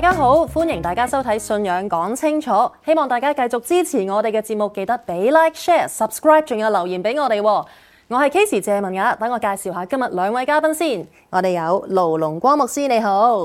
大家好，歡迎大家收睇《信仰講清楚》，希望大家繼續支持我哋嘅節目，記得俾 like、share、subscribe，仲有留言俾我哋。我係 Case 謝文雅，等我介紹下今日兩位嘉賓先。我哋有盧龍光牧師，你好，好。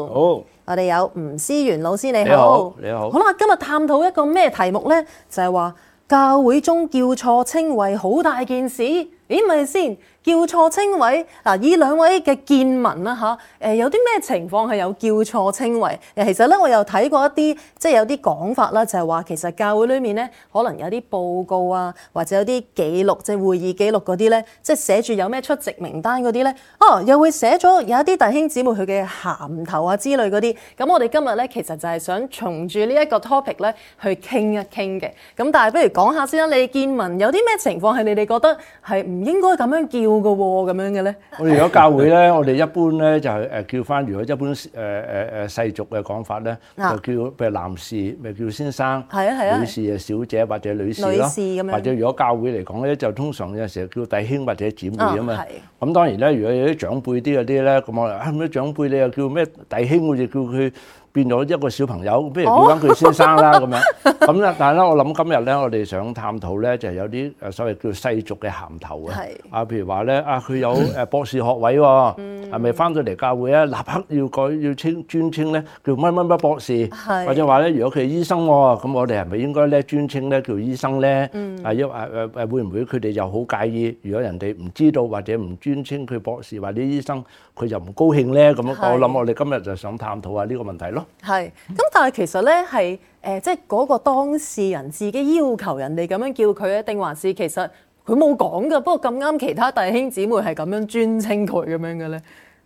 我哋有吳思源老師，你好，你好，你好。好啦，今日探討一個咩題目呢？就係、是、話教會中叫錯稱謂好大件事，咦咪先？叫錯稱謂嗱，以兩位嘅見聞啦嚇，誒有啲咩情況係有叫錯稱謂？誒其實咧，我又睇過一啲即係有啲講法啦，就係話其實教會裏面咧，可能有啲報告啊，或者有啲記錄，即係會議記錄嗰啲咧，即係寫住有咩出席名單嗰啲咧，哦又會寫咗有一啲弟兄姊妹佢嘅銜頭啊之類嗰啲。咁我哋今日咧其實就係想從住呢一個 topic 咧去傾一傾嘅。咁但係不如講下先啦，你見聞有啲咩情況係你哋覺得係唔應該咁樣叫？個喎，咁樣嘅咧，我哋如果教會咧，我哋一般咧就係誒叫翻，如果一般誒誒誒世俗嘅講法咧，就叫譬如男士咪叫先生，係啊係啊，女士啊小姐或者女士咯，或者如果教會嚟講咧，就通常有時候叫弟兄或者姊妹啊嘛，咁當然咧，如果有啲長輩啲嗰啲咧，咁我啊啲長輩你又叫咩弟兄，我哋叫佢。變咗一個小朋友，不如叫翻佢先生啦咁樣咁咧。但係咧，我諗今日咧，我哋想探討咧，就係有啲誒所謂叫世俗嘅銜頭啊。係啊，譬如話咧，啊佢有誒博士學位喎，係咪翻到嚟教會啊，立刻要改要稱專稱咧，叫乜乜乜博士？係或者話咧，如果佢係醫生喎，咁我哋係咪應該咧專稱咧叫醫生咧？嗯啊，一啊誒誒會唔會佢哋就好介意？如果人哋唔知道或者唔專稱佢博士，或者醫生，佢就唔高興咧咁樣。我諗我哋今日就想探討下呢個問題咯。係，咁但係其實咧，係、呃、誒，即係嗰個當事人自己要求人哋咁樣叫佢咧，定還是其實佢冇講嘅？不過咁啱其他弟兄姊妹係咁樣尊稱佢咁樣嘅咧。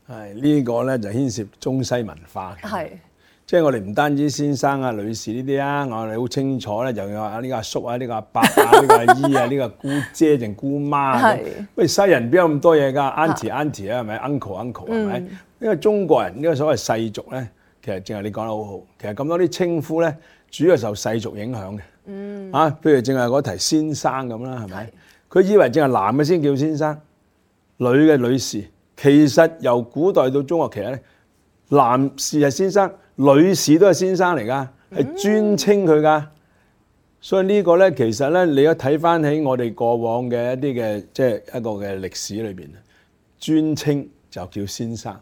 係、這個、呢個咧就牽涉中西文化嘅，係是即係我哋唔單止先生啊、女士呢啲啊，我哋好清楚咧，就有啊呢個阿叔啊、呢、這個阿伯啊、呢、這個阿姨啊、呢 個姑姐定姑媽。係喂是，西人邊有咁多嘢㗎是？Auntie Auntie 啊，係咪？Uncle Uncle 係咪？嗯、因為中國人呢、這個所謂世俗咧。其實正係你講得好好，其實咁多啲稱呼咧，主要係受世俗影響嘅。嗯，啊，譬如正係嗰題先生咁啦，係咪？佢是以為淨係男嘅先叫先生，女嘅女士。其實由古代到中國，其實咧，男士係先生，女士都係先生嚟噶，係尊稱佢噶。嗯、所以這個呢個咧，其實咧，你一睇翻起我哋過往嘅一啲嘅，即、就、係、是、一個嘅歷史裏邊，尊稱就叫先生。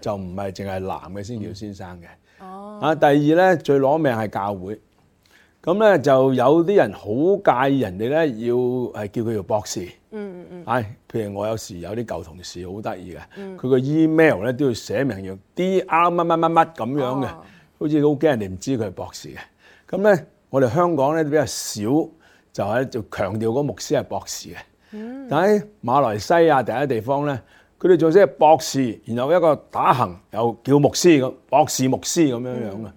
就唔係淨係男嘅先叫先生嘅。哦，啊，第二咧，最攞命係教會。咁咧就有啲人好介意人哋咧要係叫佢做博士。嗯嗯嗯。唉，譬如我有時有啲舊同事好得意嘅，佢個 email 咧都要寫明要 DR 乜乜乜乜咁樣嘅，好似好驚人哋唔知佢係博士嘅。咁咧我哋香港咧比較少，就喺就強調嗰牧師係博士嘅。但喺馬來西亞第一地方咧。佢哋做即係博士，然後一個打行又叫牧師咁，博士牧師咁樣樣嘅，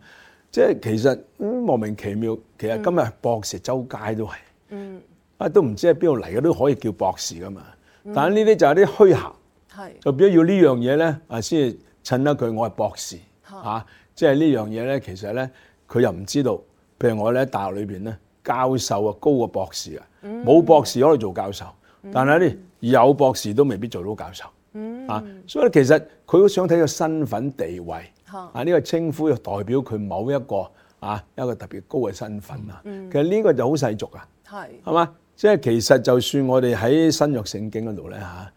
即係、嗯、其實、嗯、莫名其妙。其實今日博士、嗯、周街都係，啊、嗯、都唔知喺邊度嚟嘅都可以叫博士噶嘛。嗯、但係是呢啲就係啲虛行，就變咗要呢樣嘢咧啊，先趁得佢我係博士吓，即係呢樣嘢咧。其實咧，佢又唔知道。譬如我咧喺大學裏邊咧，教授啊高過博士啊，冇、嗯、博士可以做教授，嗯、但係咧有博士都未必做到教授。嗯啊，所以其實佢好想睇個身份地位，啊呢、嗯、個稱呼又代表佢某一個啊一個特別高嘅身份啊。其實呢、這個就好世俗啊，係係嘛？即係其實就算我哋喺新約聖經嗰度咧嚇，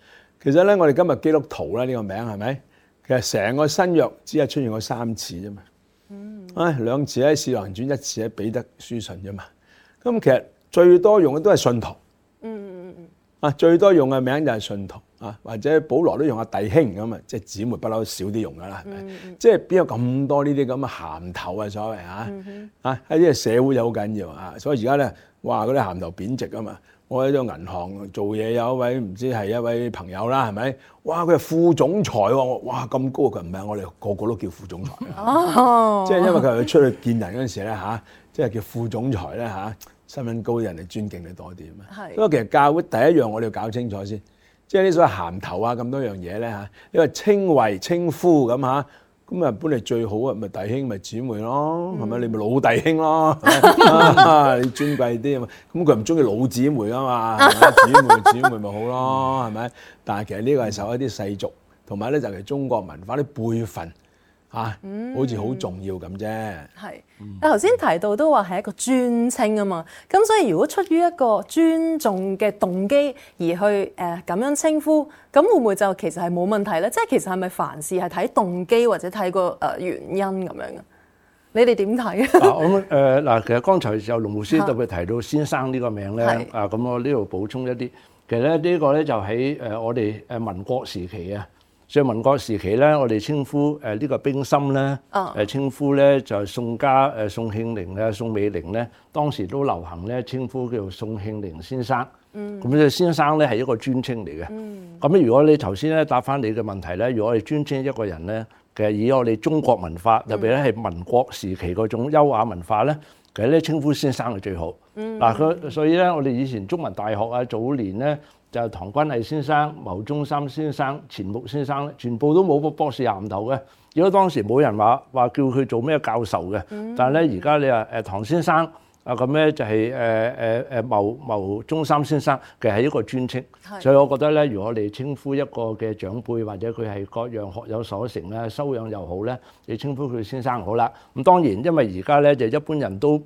其實咧我哋今日基督徒咧呢個名係咪？其實成個新約只係出現過三次啫嘛。嗯，唉兩次喺《使徒行傳》，一次喺《彼得書信》啫嘛。咁其實最多用嘅都係信徒。嗯嗯嗯啊，最多用嘅名就係信徒。或者保羅都用阿弟兄咁嘛，即係姊妹不嬲少啲用噶啦，係咪、嗯？即係邊有咁多呢啲咁嘅銜頭啊？所謂嚇啊，係啲、嗯哼啊、社會又好緊要啊！所以而家咧，哇嗰啲銜頭貶值啊嘛！我喺咗銀行做嘢，有一位唔知係一位朋友啦、啊，係咪？哇！佢係副總裁喎、啊，哇咁高佢唔係我哋個個都叫副總裁啊！哦，即係因為佢出去見人嗰陣時咧吓、啊，即係叫副總裁咧吓、啊，身份高人哋尊敬你多啲啊嘛。係的，不過其實教會第一樣我哋要搞清楚先。即係呢啲所謂銜頭啊，咁多樣嘢咧嚇，因為稱為稱呼咁嚇，咁啊本嚟最好啊，咪、就是、弟兄咪姊、就是、妹咯，係咪？你咪老弟兄咯、 啊，你尊貴啲啊嘛，咁佢唔中意老姊妹啊嘛，姊妹姊妹咪好咯，係咪？但係 其實呢個係受一啲世俗，同埋咧，就係中國文化啲輩份。嚇，唉嗯、好似好重要咁啫。係是，但頭先提到都話係一個尊稱啊嘛，咁所以如果出於一個尊重嘅動機而去誒咁、呃、樣稱呼，咁會唔會就其實係冇問題咧？即係其實係咪凡事係睇動機或者睇個誒原因咁樣啊？你哋點睇啊？我誒嗱，其實剛才就龍牧師特別提到先生呢個名咧，啊咁我呢度補充一啲，其實咧呢、這個咧就喺誒、呃、我哋誒民國時期啊。即係民國時期咧，我哋稱呼誒呢、呃這個冰心咧，誒、oh. 稱呼咧就係、是、宋家誒、呃、宋慶齡啊、宋美齡咧，當時都流行咧稱呼叫宋慶齡先生。咁咧、mm. 先生咧係一個尊稱嚟嘅。咁、mm. 如果你頭先咧答翻你嘅問題咧，如果我哋尊稱一個人咧，其實以我哋中國文化，特別咧係民國時期嗰種優雅文化咧，其實咧稱呼先生係最好。嗱、mm. 啊，佢所以咧，我哋以前中文大學啊，早年咧。就唐君毅先生、牟宗三先生、錢穆先生全部都冇個博士銜頭嘅，如果當時冇人話，話叫佢做咩教授嘅。嗯、但係咧而家你話誒唐先生啊，咁咧就係誒誒誒牟牟宗三先生其實係一個尊稱。的所以我覺得咧，如果我哋稱呼一個嘅長輩，或者佢係各樣學有所成啊、修養又好咧，你稱呼佢先生好啦。咁當然，因為而家咧就一般人都。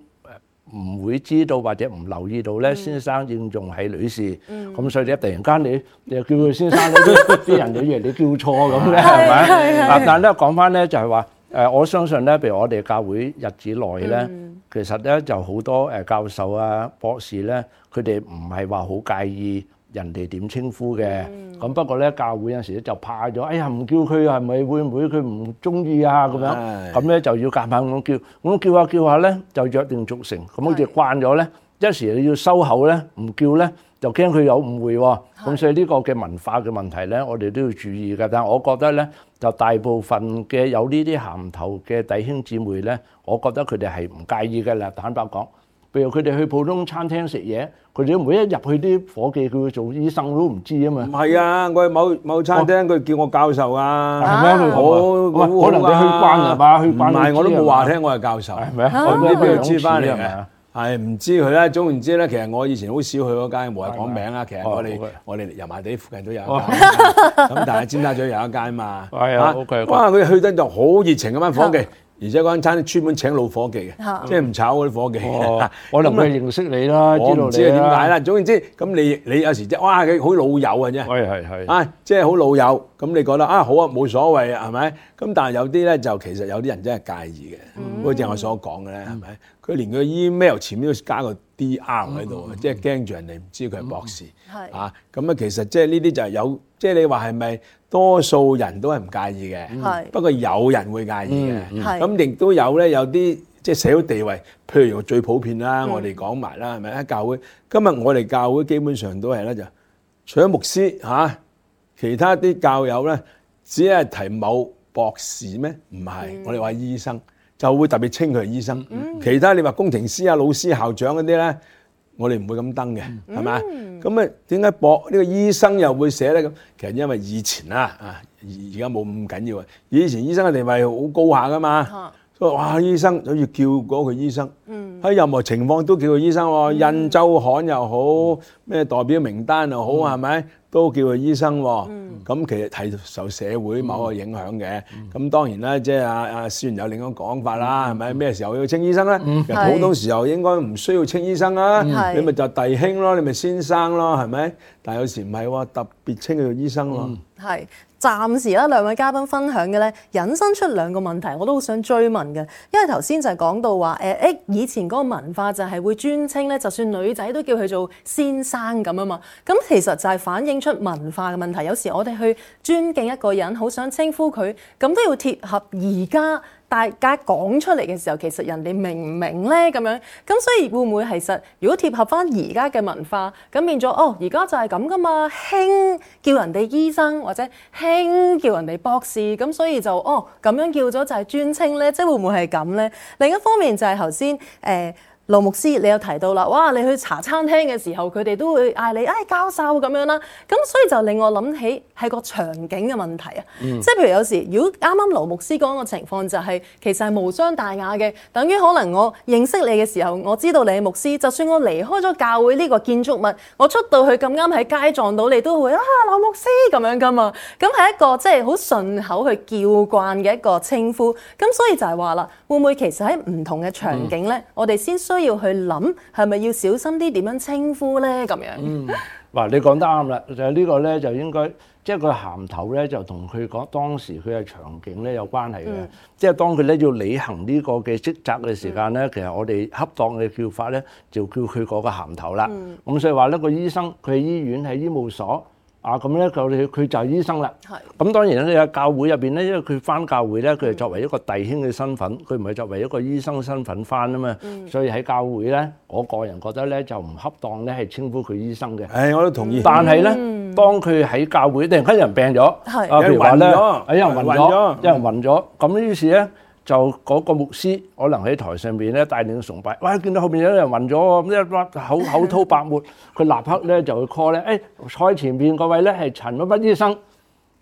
唔會知道或者唔留意到咧，先生認仲係女士，咁、嗯、所以咧，突然間你你又叫佢先生咧，啲人就以為你叫錯，咁嘅係咪啊？嗱嗯、但係咧，講翻咧就係話，誒我相信咧，譬如我哋教會日子內咧，嗯、其實咧就好多誒教授啊、博士咧，佢哋唔係話好介意。人哋點稱呼嘅。咁不過咧，教會有時咧就怕咗，哎呀唔叫佢係咪會唔會佢唔中意啊，咁樣咁咧就要夾硬咁叫，咁叫下叫下咧就約定俗成，咁好似慣咗咧，一時你要收口咧唔叫咧就驚佢有誤會喎，咁所以呢個嘅文化嘅問題咧，我哋都要注意嘅。但係我覺得咧，就大部分嘅有呢啲銜頭嘅弟兄姊妹咧，我覺得佢哋係唔介意嘅啦，坦白講。譬如佢哋去普通餐廳食嘢，佢哋每一入去啲伙計，佢會做醫生都唔知啊嘛。唔係啊，我某某餐廳佢叫我教授啊，係咪啊？我可能你去關係嘛？唔係我都冇話聽，我係教授。係咪啊？我唔知邊度知翻嚟嘅。係唔知佢咧？總言之咧，其實我以前好少去嗰間，冇人講名啊。其實我哋我哋油麻地附近都有一間。咁但係尖沙咀有一間啊嘛。係啊，OK 哇！佢去得就好熱情咁樣伙計。而且嗰間餐廳專門請老伙計嘅，嗯、即係唔炒嗰啲伙計。哦、我諗佢認識你啦，嗯、知道知道你啦。點解啦？總言之，咁你你有時即係哇，佢好老友啊，即係、哎。係係係啊，即係好老友，咁你覺得啊，好啊，冇所謂係咪？咁但係有啲咧，就其實有啲人真係介意嘅。好似、嗯、我所講嘅咧，係咪？佢連個 email 前面都加個 D R 喺度，嗯、即係驚住人哋唔知佢係博士。係、嗯。啊，咁啊，其實即係呢啲就係有。即係你話係咪多數人都係唔介意嘅？係、嗯，不過有人會介意嘅。咁亦都有咧，有啲即係社會地位，譬如我最普遍啦，嗯、我哋講埋啦，係咪？喺教會，今日我哋教會基本上都係咧，就除咗牧師嚇、啊，其他啲教友咧，只係提某博士咩？唔係，嗯、我哋話醫生就會特別稱佢係醫生。嗯、其他你話工程師啊、老師、校長嗰啲咧。我哋唔會咁登嘅，係嘛？咁啊、嗯，點解博呢個醫生又會寫咧？咁其實因為以前啦，啊而家冇咁緊要啊。以前醫生嘅地位好高下噶嘛。嗯哇！醫生好似叫嗰個醫生，喺任何情況都叫佢醫生喎。印周刊又好，咩代表名單又好，係咪都叫佢醫生？咁其實係受社會某個影響嘅。咁當然啦，即係阿思源有另一個講法啦，係咪咩時候要稱醫生咧？普通時候應該唔需要稱醫生啦，你咪就弟兄咯，你咪先生咯，係咪？但有時唔係話特別稱佢做醫生咯。係。暫時咧，兩位嘉賓分享嘅咧，引申出兩個問題，我都好想追問嘅，因為頭先就係講到話，欸欸，以前嗰個文化就係會尊稱咧，就算女仔都叫佢做先生咁啊嘛，咁其實就係反映出文化嘅問題。有時我哋去尊敬一個人，好想稱呼佢，咁都要貼合而家。大家講出嚟嘅時候，其實人哋明唔明呢？咁樣咁，所以會唔會？其實如果貼合翻而家嘅文化，咁變咗哦，而家就係咁噶嘛，興叫人哋醫生或者興叫人哋博士，咁所以就哦咁樣叫咗就係專稱呢？即係會唔會係咁呢？另一方面就係頭先誒羅牧師，你又提到啦，哇！你去茶餐廳嘅時候，佢哋都會嗌你，哎，教授咁樣啦，咁所以就令我諗起係個場景嘅問題啊，即係譬如有時，如果啱啱羅牧師講個情況就係，其實係無傷大雅嘅，等於可能我認識你嘅時候，我知道你係牧師，就算我離開咗教會呢個建築物，我出到去咁啱喺街撞到你，都會啊，羅牧師咁樣噶嘛，咁係一個即係好順口去叫慣嘅一個稱呼，咁所以就係話啦，會唔會其實喺唔同嘅場景咧，嗯、我哋先需。都要去諗，係咪要小心啲點樣稱呼呢？咁樣。嗯，嗱，你講得啱啦，就係、是、呢個呢，就應該即係個銜頭呢，就同佢講當時佢嘅場景呢有關係嘅。即係、嗯、當佢呢要履行呢個嘅職責嘅時間呢，嗯、其實我哋恰當嘅叫法呢，就叫佢嗰個銜頭啦。咁、嗯、所以話呢個醫生佢喺醫院喺醫務所。啊，咁咧佢佢就係醫生啦。係。咁當然咧，你喺教會入邊咧，因為佢返教會咧，佢係作為一個弟兄嘅身份，佢唔係作為一個醫生身份返啊嘛。所以喺教會咧，我個人覺得咧就唔恰當咧係稱呼佢醫生嘅。誒，我都同意。但係咧，當佢喺教會突然間有人病咗，啊，譬如話咧，有人暈咗，有人暈咗，咁於是咧。就嗰個牧師可能喺台上面咧帶領崇拜，喂，見到後面有人暈咗，咁一擘口口吐白沫，佢立刻咧就會 call 咧，誒、哎！坐前面嗰位咧係陳乜乜醫生，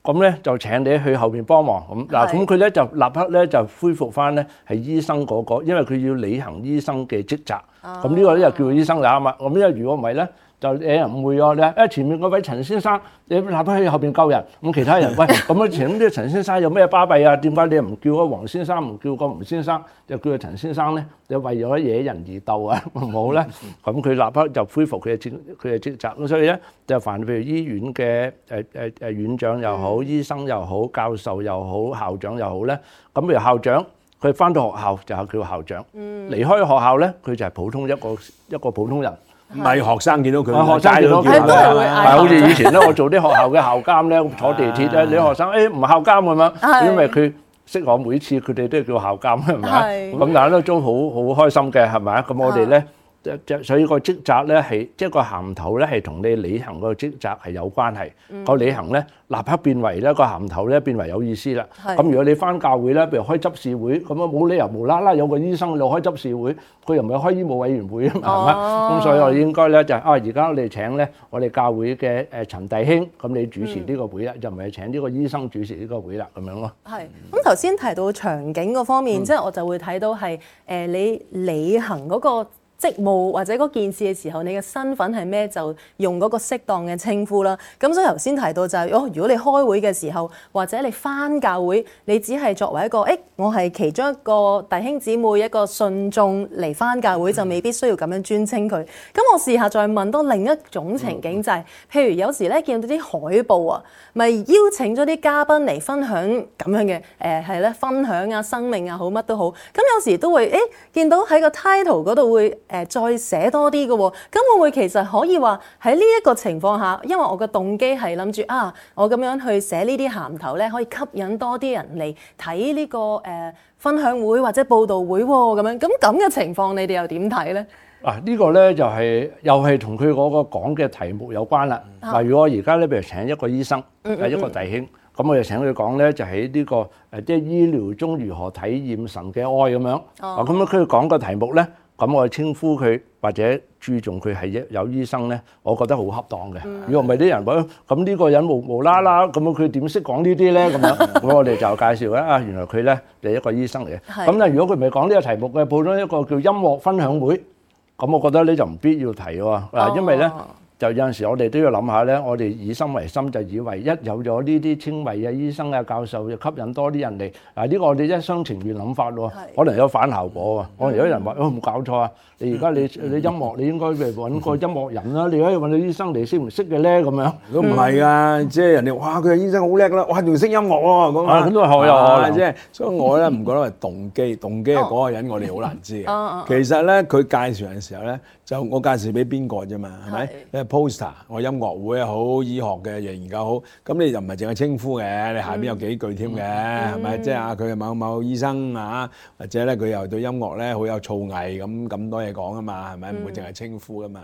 咁咧就請你去後邊幫忙咁。嗱，咁佢咧就立刻咧就恢復翻咧係醫生嗰個，因為佢要履行醫生嘅職責。咁呢個咧就叫醫生嚟啊嘛。咁因為如果唔係咧。就惹人誤會啊！你誒，前面嗰位陳先生，你立翻喺後邊救人。咁其他人喂，咁啊前面啲陳先生有咩巴閉啊？點解你唔叫個黃先生，唔叫個吳先生，就叫個陳先生咧？你為咗惹人而鬥啊？冇咧。咁佢立刻就恢復佢嘅職，佢嘅職責。咁所以咧，就凡譬如醫院嘅誒誒誒院長又好，醫生又好，教授又好，校長又好咧。咁譬如校長，佢翻到學校就叫校長。嗯。離開學校咧，佢就係普通一個一個普通人。唔係學生見到佢，學生見到佢。好似以前，我做啲學校嘅校監，坐地鐵咧，學學生不唔校監咁樣，因為佢識我，每次佢哋都係叫校監，係咪啊？咁眼中好好開心嘅係咪啊？咁我哋呢。所以個職責咧係，即、就、係、是、個銜頭咧係同你履行個職責係有關係的。個履、嗯、行咧立刻變為咧、那個銜頭咧變為有意思啦。咁是如果你返教會咧，譬如開執事會，咁啊冇理由無啦啦有個醫生去開執事會，佢又唔係開醫務委員會啊嘛，咁、哦、所以我應該咧就是、啊，而家我哋請咧，我哋教會嘅誒陳弟兄，咁你主持呢個會咧，嗯、就唔係請呢個醫生主持呢個會啦，咁樣咯。係。咁頭先提到場景嗰方面，即係、嗯、我就會睇到係誒你履行嗰、那個。職務或者嗰件事嘅時候，你嘅身份係咩就用嗰個適當嘅稱呼啦。咁所以頭先提到就係、是、哦，如果你開會嘅時候，或者你翻教會，你只係作為一個，誒、欸、我係其中一個弟兄姊妹一個信眾嚟翻教會，就未必需要咁樣尊稱佢。咁我試下再問多另一種情景、就是，就係譬如有時咧見到啲海報啊，咪邀請咗啲嘉賓嚟分享咁樣嘅，誒係咧分享啊生命啊好乜都好。咁有時都會咦、欸，見到喺個 title 嗰度會。誒再寫多啲嘅喎，咁會唔會其實可以話喺呢一個情況下，因為我嘅動機係諗住啊，我咁樣去寫呢啲銜頭咧，可以吸引多啲人嚟睇呢個誒分享會或者報道會喎，咁樣咁咁嘅情況你們看呢，你哋又點睇咧？啊，這個、呢、就是、個咧就係又係同佢嗰個講嘅題目有關啦。嗱、啊，如果我而家咧，譬如請一個醫生，誒、嗯嗯嗯、一個弟兄，咁我就請佢講咧，就喺、是、呢、這個誒即係醫療中如何體驗神嘅愛咁樣。哦，咁樣佢講嘅題目咧。咁我稱呼佢或者注重佢係一有醫生咧，我覺得好恰當嘅。如果唔係啲人話，咁呢個人無無啦啦咁樣，佢點識講呢啲咧？咁樣我哋就介紹啦。啊，原來佢咧就係一個醫生嚟嘅。咁但係如果佢唔係講呢個題目嘅，普通一個叫音樂分享會，咁我覺得呢就唔必要提喎。嗱，因為咧。就有陣時我哋都要諗下咧，我哋以心為心，就以為一有咗呢啲稱謂啊醫生啊教授，就吸引多啲人嚟。嗱呢個我哋一廂情願諗法喎，可能有反效果喎。可能有啲人話：哦唔搞錯啊，你而家你你音樂，你應該揾個音樂人啦。你而家揾到醫生你識唔識嘅咧？咁樣都唔係啊。即係人哋哇，佢係醫生好叻啦，哇仲識音樂喎咁啊，咁都係害人啊！即係，所以我咧唔覺得係動機，動機係嗰個人我哋好難知嘅。其實咧，佢介紹嘅時候咧，就我介紹俾邊個啫嘛，係咪？poster，我音樂會好，醫學嘅嘢研究好，咁你又唔係淨係稱呼嘅，你下邊有幾句添嘅，係咪？即係啊，佢係某某醫生啊，或者咧佢又對音樂咧好有造詣，咁咁多嘢講啊嘛，係咪？唔會淨係稱呼噶嘛。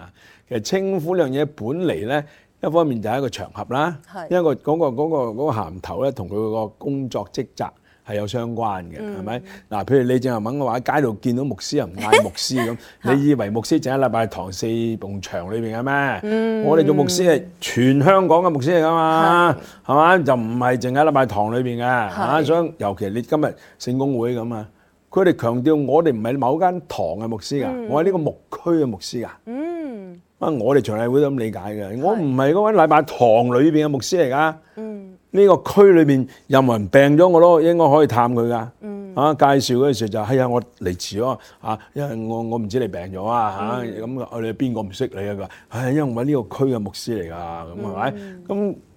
其實稱呼呢樣嘢本嚟咧，一方面就係一個場合啦，因為嗰個嗰個嗰個銜頭咧，同佢個工作職責。係有相關嘅，係咪、嗯？嗱，譬如你正話問嘅話喺街度見到牧師又唔嗌牧師咁， 你以為牧師淨係禮拜堂四埲牆裏邊嘅咩？嗯、我哋做牧師係全香港嘅牧師嚟㗎嘛？係嘛是？就唔係淨係禮拜堂裏邊嘅嚇。所以尤其你今日聖公會咁啊，佢哋強調我哋唔係某間堂嘅牧師㗎，嗯、我係呢個牧區嘅牧師㗎。嗯。啊，我哋長例會都咁理解嘅，我唔係嗰個禮拜堂裏邊嘅牧師嚟㗎。是嗯。呢個區裏面任何人病咗，我都應該可以探佢噶。嗯，啊介紹嗰時就係、哎、呀，我嚟遲咗啊，因為我我唔知你病咗、嗯、啊嚇咁。我哋邊個唔識你啊？佢話係因為我呢個區嘅牧師嚟噶，咁係咪？咁、嗯啊嗯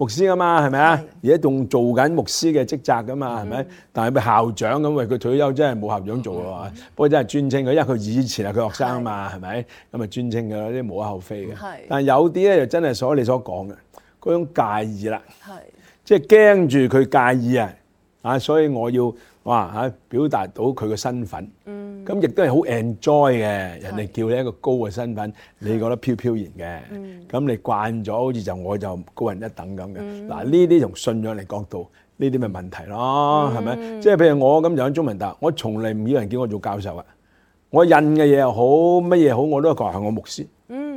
牧師啊嘛，係咪啊？而家仲做緊牧師嘅職責噶嘛，係咪是？但係佢校長咁，喂，佢退休真係冇校長做啊！是不過真係尊稱佢，因為佢以前係佢學生啊嘛，係咪是？咁咪尊稱佢咯，啲無可厚非嘅。是但係有啲咧，就真係所你所講嘅嗰種介意啦，是即係驚住佢介意啊，啊，所以我要。哇嚇，表達到佢個身份，咁亦、嗯、都係好 enjoy 嘅。人哋叫你一個高嘅身份，是你覺得飄飄然嘅，咁、嗯、你慣咗，好似就我就高人一等咁嘅。嗱，呢啲從信仰嚟角度，呢啲咪問題咯，係咪、嗯？即係譬如我咁就喺中文大學，我從嚟唔要人叫我做教授啊，我印嘅嘢又好，乜嘢好，我都係講係我牧師。嗯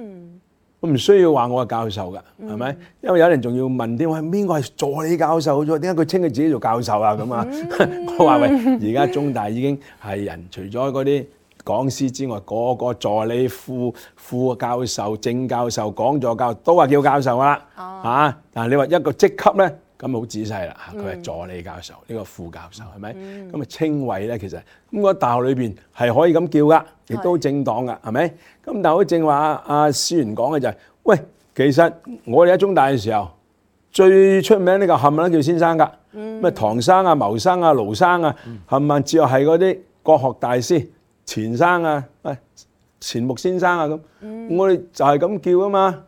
我唔需要話我係教授㗎，係咪？嗯、因為有人仲要問啲我係邊個係助理教授咗，點解佢稱佢自己做教授啊？咁啊、嗯， 我話喂，而家中大已經係人，除咗嗰啲講師之外，個個助理副副教授、正教授、講座教授都話叫教授啦，嚇、哦啊！但你話一個職級咧？咁好仔細啦，佢係助理教授，呢、嗯、個副教授係咪？咁啊，稱謂咧其實咁個大學裏邊係可以咁叫噶，亦都正當噶，係咪？咁但係好正話，阿思源講嘅就係、是，喂，其實我哋喺中大嘅時候最出名呢個冚唪唥叫先生噶，咁、嗯、唐先生啊、牟生啊、盧生啊，冚唔冚？即係嗰啲國學大師錢生啊、誒、哎、錢穆先生啊咁，這嗯、我哋就係咁叫啊嘛。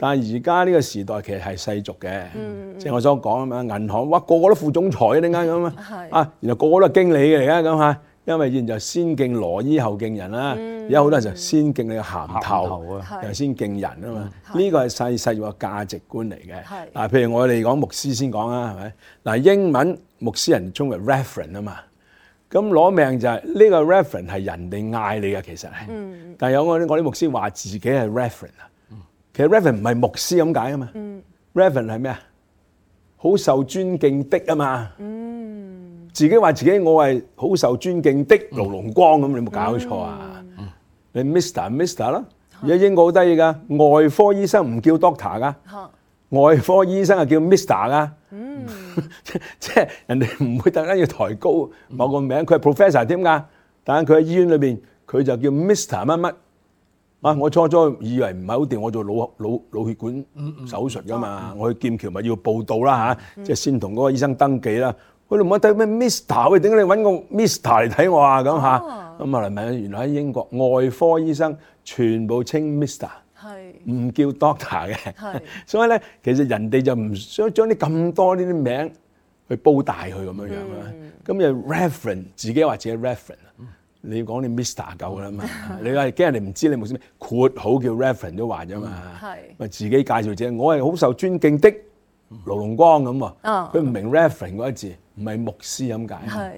但係而家呢個時代其實係世俗嘅，即係、嗯嗯、我所講啊嘛。銀行哇，個個都副總裁啊，點解咁啊？係是啊，原來個個都係經理嘅。而家咁嚇。因為現在先敬羅衣後敬人啦。而家好多人就先敬你嘅銜頭，又是先敬人啊嘛。呢個係世世俗嘅價值觀嚟嘅。係是、啊、譬如我哋講牧師先講啦，係咪嗱？英文牧師人稱為 Reverend 啊嘛。咁攞命就係呢個 Reverend 係人哋嗌你嘅，其實係。嗯、但係有我啲我啲牧師話自己係 Reverend 啊。其實 reverend 唔係牧師咁解噶嘛，reverend 係咩啊？好受尊敬的啊嘛，自己話自己我係好受尊敬的勞龍光咁，你冇搞錯啊？你 mister mister 啦，而家英國好得意噶，外科醫生唔叫 doctor 噶，外科醫生啊叫 mister 噶，即係人哋唔會特登要抬高某個名，佢係 professor 添噶？但係佢喺醫院裏邊佢就叫 mister 乜乜。啊！我初初以為唔係好掂，我做腦腦腦血管手術㗎嘛，嗯嗯、我去劍橋咪要報到啦嚇，即係、嗯、先同嗰個醫生登記啦。喂、嗯，不什麼 Mr. 為什麼你唔好睇咩 Mr 喂，t 點解你揾個 Mr 嚟睇我啊咁嚇？咁啊嚟問，原來喺英國外科醫生全部稱 Mr 唔是叫 Doctor 嘅。是所以咧，其實人哋就唔想將啲咁多呢啲名去煲大佢咁、嗯、樣樣咁就 Reference 自己或者 Reference、嗯你要講你 Mr. 夠啦嘛？你係驚人哋唔知道你牧師咩？括好叫 reference 都話啫嘛。係咪、嗯、自己介紹者，我係好受尊敬的盧龍光咁啊！佢唔明 reference 嗰一字，唔係牧師咁解。係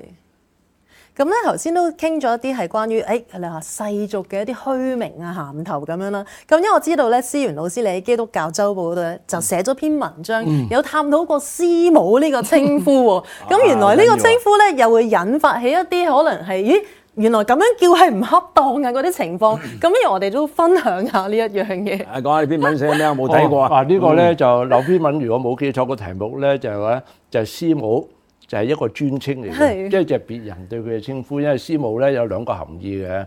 咁咧，頭先都傾咗一啲係關於誒、哎、你話世俗嘅一啲虛名啊、銜頭咁樣啦。咁因為我知道咧，思源老師你喺基督教周報度就寫咗篇文章，嗯、有探討過師母呢個稱呼。咁、嗯、 原來呢個稱呼咧，又會引發起一啲可能係咦？原來咁樣叫係唔恰當嘅嗰啲情況，咁樣我哋都分享一下呢一樣嘢。講下啲篇文寫咩有冇睇過啊？哇，哦啊這個、呢個咧、嗯、就劉篇文。如果冇記錯個題目咧，就係、是、話就師、是、母就係一個專稱嚟嘅，即係的就係別人對佢嘅稱呼。因為師母咧有兩個含義嘅。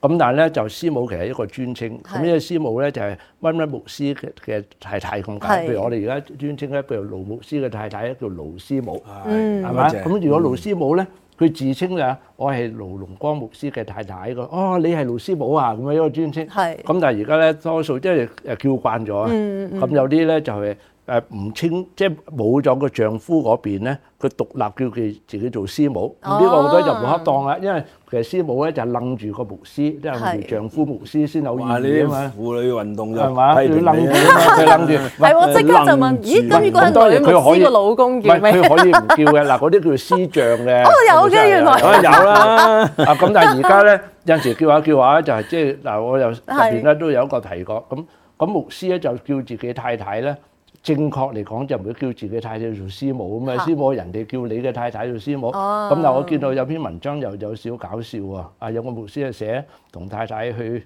咁但係咧就師母其實一個尊稱，咁呢個師母咧就係乜乜牧師嘅太太咁簡單，譬如我哋而家尊稱譬如盧牧師嘅太太，叫盧師母，係咪？咁如果盧師母咧，佢自稱呀，我係盧龍光牧師嘅太太嘅。哦，你係盧師母啊？咁樣一個尊稱。係是。咁但係而家咧多數即係誒叫慣咗，咁、嗯嗯、有啲咧就係、是。誒唔清，即係冇咗個丈夫嗰邊咧，佢獨立叫佢自己做師母，呢個我覺得就唔恰當啦，因為其實師母咧就係楞住個牧師，即係丈夫牧師先有意義啊嘛。婦女運動就係嘛，佢楞住，係我即刻就問，咦？咁如果係佢可以老公叫咩？唔係佢可以唔叫嘅，嗱嗰啲叫做師丈嘅。哦，有嘅原來。有啦，啊咁，但係而家咧有陣時叫下叫下咧，就係即係嗱，我又入邊咧都有一個提過咁，咁牧師咧就叫自己太太咧。正確嚟講就唔會叫自己太太做師母啊嘛，師母人哋叫你嘅太太做師母。咁但係我見到有篇文章又有少少搞笑喎，啊有個牧師啊寫同太太去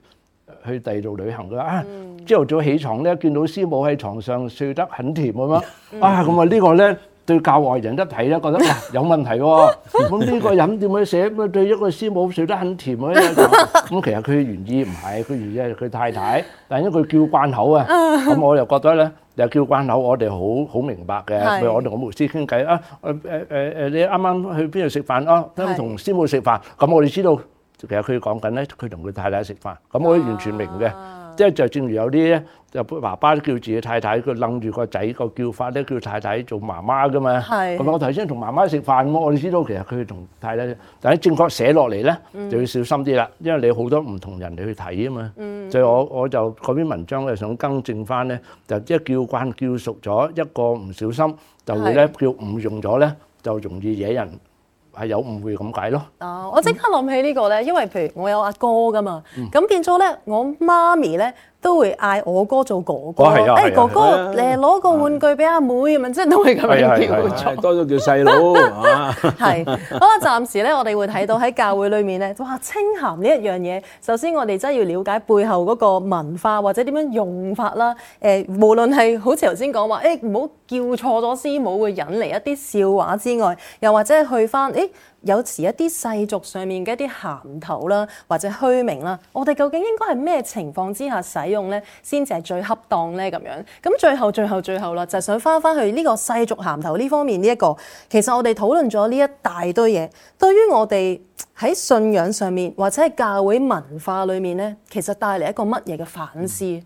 去第二度旅行，佢話啊朝頭早起牀咧，見到師母喺床上睡得很甜咁樣。啊咁啊呢個咧對教外人一睇咧覺得哇有問題喎，咁呢個人點會寫咁對一個師母睡得很甜啊？咁其實佢原意唔係，佢原意係佢太太，但因為佢叫慣口啊，咁我又覺得咧。又叫關口，我哋好好明白嘅。譬是如我同我牧師傾偈啊，誒誒誒，誒、呃，你啱啱去邊度食飯啊？啱啱同師母食飯咁是、嗯、我哋知道其實佢講緊咧，佢同佢太太食飯咁、嗯、我完全明嘅。啊即係就正如有啲咧，就爸爸叫自己太太，佢楞住個仔個叫法咧叫太太做媽媽噶嘛。係咁啊！我頭先同媽媽食飯，我我知道其實佢同太太，但係正確寫落嚟咧就要小心啲啦，因為你好多唔同人哋去睇啊嘛。嗯，所以我我就嗰篇文章就想更正翻咧，就即係叫慣叫熟咗，一個唔小心就會咧是叫誤用咗咧，就容易惹人。係有誤會咁解咯。啊！我即刻諗起呢、呢個咧，嗯、因為譬如我有阿哥噶嘛，咁、嗯、變咗咧，我媽咪咧。都會嗌我哥做哥哥，誒、哦啊啊、哥哥誒攞個玩具俾阿妹咁，即係都會咁樣叫錯，多咗叫細佬。係，好啦，暫時咧，我哋會睇到喺教會裏面咧，哇，稱謂呢一樣嘢，首先我哋真係要了解背後嗰個文化或者點樣用法啦。誒，無論係好似頭先講話，誒唔好叫錯咗師母，會引嚟一啲笑話之外，又或者係去翻誒。欸有時一啲世俗上面嘅一啲銜頭啦，或者虛名啦，我哋究竟應該係咩情況之下使用咧，先至係最恰當咧？咁樣咁最後最後最後啦，就想翻返去呢個世俗銜頭呢方面呢一個，其實我哋討論咗呢一大堆嘢，對於我哋喺信仰上面或者係教會文化裏面咧，其實帶嚟一個乜嘢嘅反思？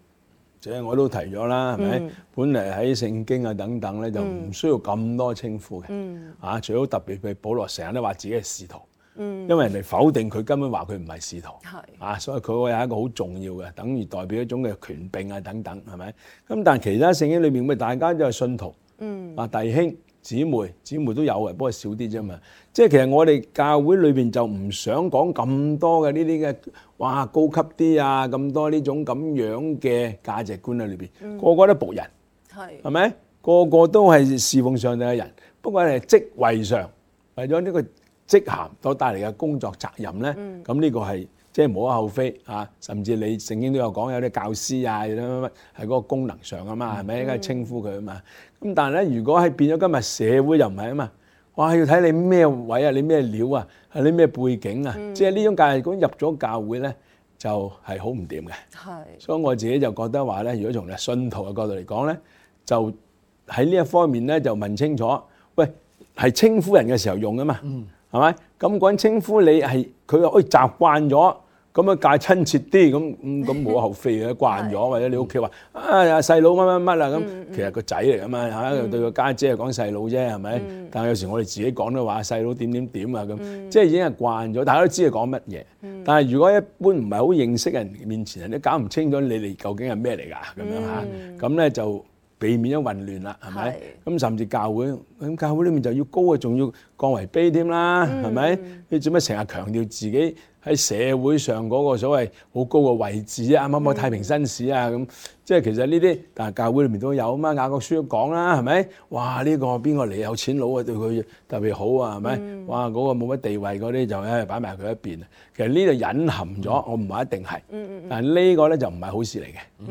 即係我都提咗啦，係咪？嗯、本嚟喺聖經啊等等咧，就唔需要咁多稱呼嘅。嗯、啊，最好特別譬如保羅成日都話自己係使徒，嗯、因為人哋否定佢根本話佢唔係使徒，的啊，所以佢會有一個好重要嘅，等於代表一種嘅權柄啊等等，係咪？咁但係其他聖經裏面，咪大家都係信徒，啊、嗯、弟兄。姊妹姊妹都有嘅，不過少啲啫嘛。即係其實我哋教會裏邊就唔想講咁多嘅呢啲嘅，哇高級啲啊咁多呢種咁樣嘅價值觀喺裏邊，個個都僕人，係係咪？個個都係侍奉上帝嘅人，不過係職位上為咗呢個職銜所帶嚟嘅工作責任咧，咁呢個係。即係無可厚非嚇，甚至你曾經都有講有啲教師啊，乜乜乜係嗰個功能上啊嘛，係咪？應該稱呼佢啊嘛。咁但係咧，如果係變咗今日社會又唔係啊嘛。哇！要睇你咩位啊，你咩料啊，你咩背景啊？嗯、即係呢種教義講入咗教會咧，就係好唔掂嘅。係是。所以我自己就覺得話咧，如果從信徒嘅角度嚟講咧，就喺呢一方面咧就問清楚。喂，係稱呼人嘅時候用啊嘛，係咪？咁講稱呼你係佢，可以、欸、習慣咗咁樣戒親切啲，咁咁冇可厚非，嘅，慣咗 或者你屋企話啊細佬乜乜乜啦咁，其實個仔嚟、嗯、啊嘛嚇，對個家姐係講細佬啫，係咪？但係有時我哋自己講都話細佬點點點啊咁，即係已經係慣咗，大家都知佢講乜嘢。嗯、但係如果一般唔係好認識人面前，人都搞唔清楚你哋究竟係咩嚟噶咁樣嚇，咁咧、嗯啊、就避免咗混亂啦，係咪、嗯？咁甚至教會。咁教會裏面就要高啊，仲要降為卑添啦，係咪、嗯？你做乜成日強調自己喺社會上嗰個所謂好高嘅位置啊？啱乜、嗯、太平紳士啊？咁、嗯、即係其實呢啲，但係教會裏面都有啊嘛，雅各書都講啦，係咪？哇！呢、這個邊個嚟有錢佬啊？對佢特別好啊，係咪？嗯、哇！嗰、那個冇乜地位嗰啲就誒擺埋佢一邊啊。其實呢度隱含咗，我唔係一定係，但係呢個咧就唔係好事嚟嘅。嗯，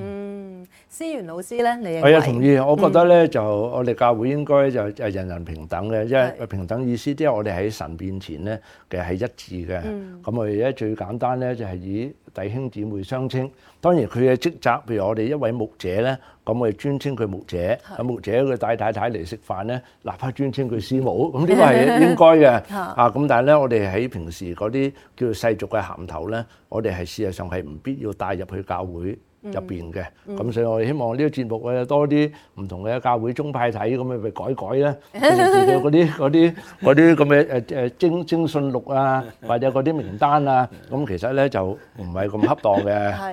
嗯思源老師咧，你我亦同意，我覺得咧就我哋教會應該就誒。人人平等咧，即係平等意思，即係我哋喺神面前咧，其實係一致嘅。咁我哋咧最簡單咧，就係以弟兄姊妹相稱。當然佢嘅職責，譬如我哋一位牧者咧，咁我哋尊稱佢牧者。咁牧者佢帶太太嚟食飯咧，嗱，佢尊稱佢師母。咁呢個係應該嘅。啊，咁但係咧，我哋喺平時嗰啲叫做世俗嘅銜頭咧，我哋係事實上係唔必要帶入去教會。入邊嘅，咁、嗯嗯、所以我哋希望呢個節目咧多啲唔同嘅教會宗派睇，咁樣咪改改咧，佢嗰啲嗰啲嗰啲咁嘅誒誒徵徵信錄啊，或者嗰啲名單啊，咁其實咧就唔係咁恰當嘅，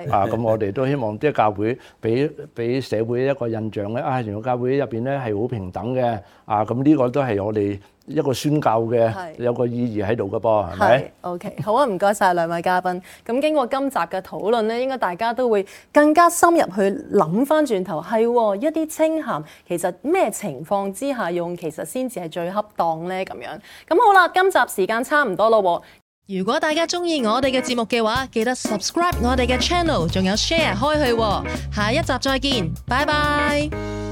是啊，咁我哋都希望啲教會俾俾社會一個印象咧，啊，原來教會入面咧係好平等嘅，啊，咁呢個都係我哋，一個宣教嘅是有個意義喺度㗎噃，係咪？OK，好啊，唔該晒兩位嘉賓。咁經過今集嘅討論呢，應該大家都會更加深入去諗翻轉頭，係、哦、一啲稱銜其實咩情況之下用，其實先至係最恰當呢？咁樣。咁好啦，今集時間差唔多咯。如果大家中意我哋嘅節目嘅話，記得 subscribe 我哋嘅 channel，仲有 share 開去。下一集再見，拜拜。